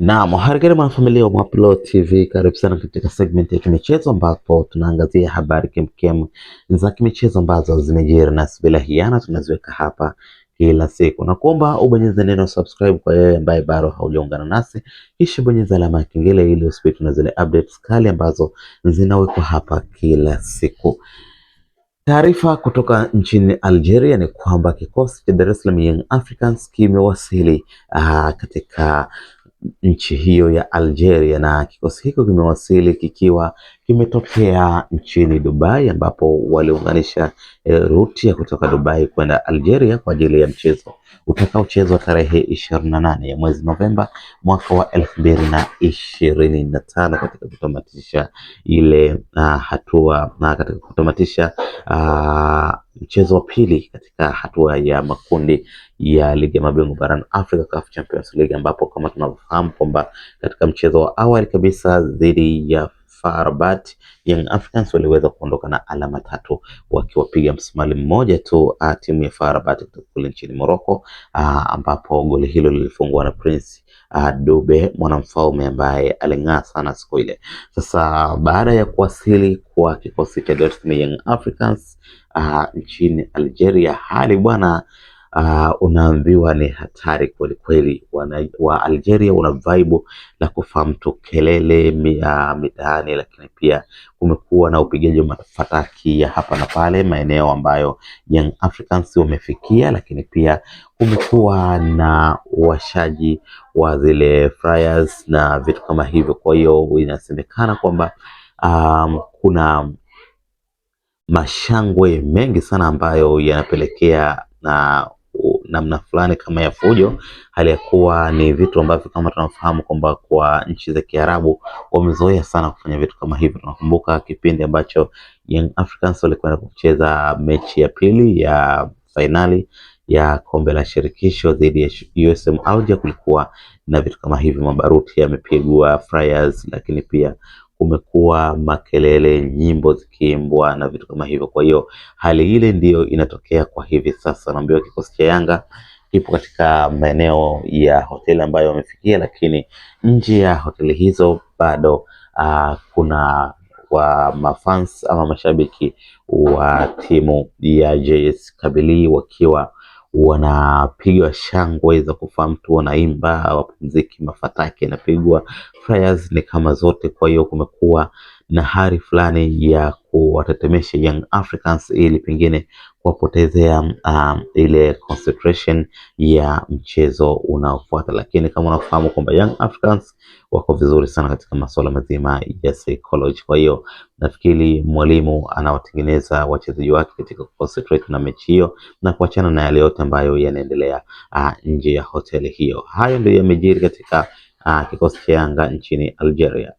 Naam, habari mwanafamilia wa Mapro TV, karibu sana katika segment ya kimichezo ambapo tunaangazia habari kemkem za kimichezo ambazo zimejiri na bila hiana tunaziweka hapa kila siku, na kuomba ubonyeze neno subscribe kwa yeye ambaye bado haujaungana nasi, kisha bonyeza alama ya kengele ili usipitwe na zile updates kali ambazo zinawekwa hapa kila siku. Taarifa kutoka nchini Algeria ni kwamba kikosi cha Dar es Salaam Young Africans kimewasili ah, katika nchi hiyo ya Algeria, na kikosi hicho kimewasili kikiwa kimetokea nchini Dubai, ambapo waliunganisha e, ruti ya kutoka Dubai kwenda Algeria kwa ajili ya mchezo utakaochezwa tarehe ishirini na nane ya mwezi Novemba mwaka wa elfu mbili na ishirini na tano katika kutamatisha ile uh, hatua na ah, katika kutamatisha uh, mchezo wa pili katika hatua ya makundi ya ligi ya mabingwa barani Afrika CAF Champions League, ambapo kama tunavyofahamu kwamba katika mchezo wa awali kabisa dhidi ya FAR Young Africans waliweza kuondoka na alama tatu wakiwapiga msimali mmoja tu uh, timu ya FAR kule nchini Morocco uh, ambapo goli hilo lilifungwa na Prince uh, Dube mwanamfalme ambaye aling'aa sana siku ile. Sasa baada ya kuwasili kwa kikosi cha Young Africans uh, nchini Algeria hali bwana uh, unaambiwa ni hatari kweli kweli. Wa Algeria una vibe la kufaa mtu kelele mitaani, lakini pia kumekuwa na upigaji wa mafataki ya hapa na pale maeneo ambayo Young Africans wamefikia, lakini pia kumekuwa na uwashaji wa zile flyers na vitu kama hivyo. Kwa hiyo inasemekana kwamba um, kuna mashangwe mengi sana ambayo yanapelekea na namna fulani kama ya fujo, hali ya kuwa ni vitu ambavyo kama tunafahamu kwamba kwa nchi za Kiarabu wamezoea sana kufanya vitu kama hivyo. Tunakumbuka kipindi ambacho Young Africans walikwenda kucheza mechi ya pili ya fainali ya kombe la shirikisho dhidi ya USM Alger, kulikuwa na vitu kama hivi, mabaruti yamepigwa, flyers, lakini pia kumekuwa makelele, nyimbo zikiimbwa na vitu kama hivyo. Kwa hiyo hali ile ndiyo inatokea kwa hivi sasa. Naambiwa kikosi cha Yanga kipo katika maeneo ya hoteli ambayo wamefikia, lakini nje ya hoteli hizo bado uh, kuna wa mafans ama mashabiki wa timu ya JS Kabylie wakiwa wanapigwa shangwe za kufaa mtu wanaimba, wapumziki mafataki inapigwa, ni kama zote. Kwa hiyo kumekuwa na hali fulani ya kuwatetemesha Young Africans ili pengine kuwapotezea um, ile concentration ya mchezo unaofuata, lakini kama unafahamu kwamba Young Africans wako vizuri sana katika masuala mazima ya psychology. Kwa hiyo nafikiri mwalimu anawatengeneza wachezaji wake katika concentrate na mechi hiyo na kuachana na yale yote ambayo yanaendelea uh, nje ya hoteli hiyo. Hayo ndio yamejiri katika uh, kikosi cha Yanga nchini Algeria.